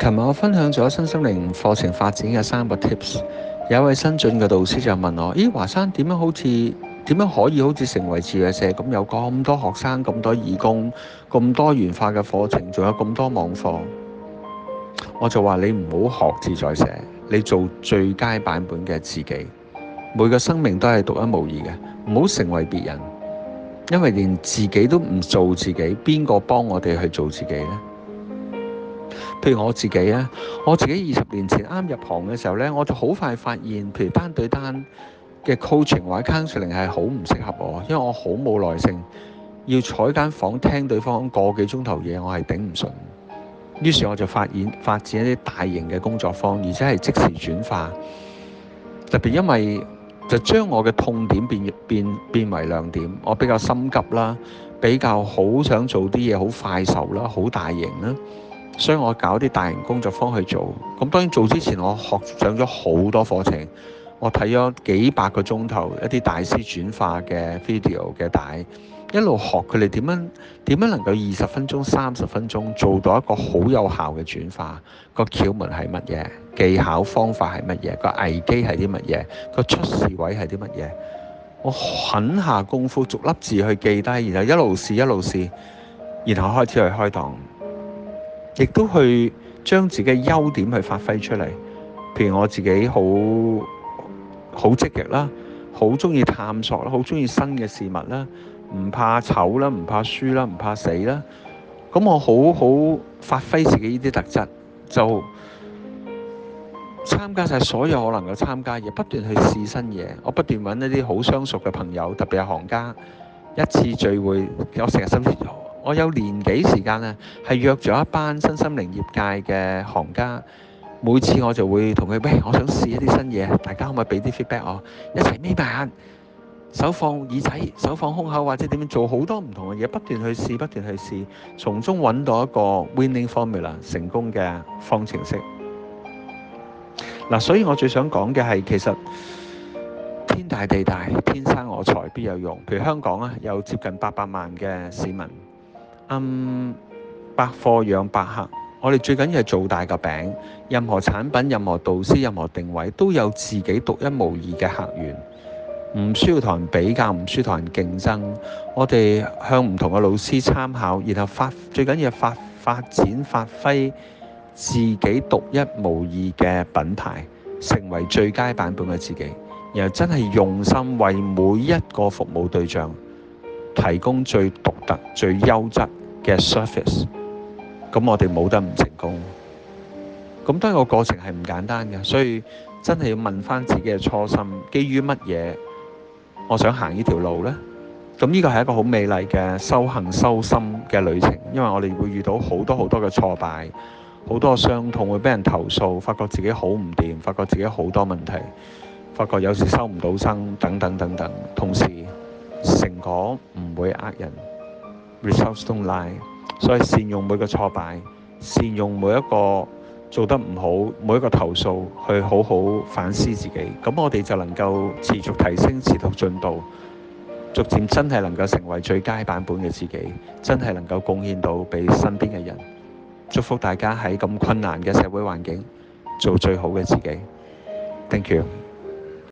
琴日，我分享咗新心靈課程發展嘅三個 tips，有一位新進嘅導師就問我：咦，華山點樣好似點樣可以好似成為自在社咁，嗯？有咁多學生、咁多義工、咁多元化嘅課程，仲有咁多網課。我就話你唔好學自在社，你做最佳版本嘅自己。每個生命都係獨一無二嘅，唔好成為別人，因為連自己都唔做自己，邊個幫我哋去做自己呢？」譬如我自己啊，我自己二十年前啱入行嘅時候咧，我就好快發現，譬如單對單嘅 coaching 或者 counseling 係好唔適合我，因為我好冇耐性，要坐間房聽對方講，個幾鐘頭嘢，我係頂唔順，於是我就發現發展一啲大型嘅工作坊，而且係即時轉化。特別因為就將我嘅痛點變變變為亮點，我比較心急啦，比較好想做啲嘢好快手啦，好大型啦。所以我搞啲大型工作坊去做，咁當然做之前我學上咗好多課程，我睇咗幾百個鐘頭一啲大師轉化嘅 video 嘅帶，一路學佢哋點樣點樣能夠二十分鐘三十分鐘做到一個好有效嘅轉化，個竅門係乜嘢，技巧方法係乜嘢，個危機係啲乜嘢，個出事位係啲乜嘢，我狠下功夫逐粒字去記低，然後一路試一路試，然後開始去開檔。亦都去將自己嘅優點去發揮出嚟，譬如我自己好好積極啦，好中意探索啦，好中意新嘅事物啦，唔怕醜啦，唔怕輸啦，唔怕死啦。咁我好好發揮自己呢啲特質，就參加晒所有我能夠參加嘢，不斷去試新嘢。我不斷揾一啲好相熟嘅朋友，特別係行家，一次聚會，我成日新鮮我有年幾時間咧，係約咗一班新心靈業界嘅行家。每次我就會同佢，喂，我想試一啲新嘢，大家可唔可以俾啲 feedback 我？一齊眯埋眼，手放耳仔，手放胸口，或者點樣做好多唔同嘅嘢，不斷去試，不斷去試，從中揾到一個 winning formula，成功嘅方程式。嗱，所以我最想講嘅係其實天大地大，天生我材必有用。譬如香港咧，有接近八百萬嘅市民。嗯，um, 百貨養百客，我哋最緊要做大個餅。任何產品、任何導師、任何定位都有自己獨一無二嘅客源，唔需要同人比較，唔需要同人競爭。我哋向唔同嘅老師參考，然後發最緊要發發展發揮自己獨一無二嘅品牌，成為最佳版本嘅自己，然後真係用心為每一個服務對象。提供最獨特、最優質嘅 service 咁我哋冇得唔成功。咁當然個過程係唔簡單嘅，所以真係要問翻自己嘅初心，基於乜嘢我想行呢條路呢？咁呢個係一個好美麗嘅修行修心嘅旅程，因為我哋會遇到好多好多嘅挫敗，好多傷痛，會俾人投訴，發覺自己好唔掂，發覺自己好多問題，發覺有時收唔到生等等等等等等，同時，成果唔會呃人，results don't lie，所以善用每個挫敗，善用每一個做得唔好，每一個投訴去好好反思自己，咁我哋就能夠持續提升，持續進步，逐漸真係能夠成為最佳版本嘅自己，真係能夠貢獻到俾身邊嘅人。祝福大家喺咁困難嘅社會環境做最好嘅自己。Thank you。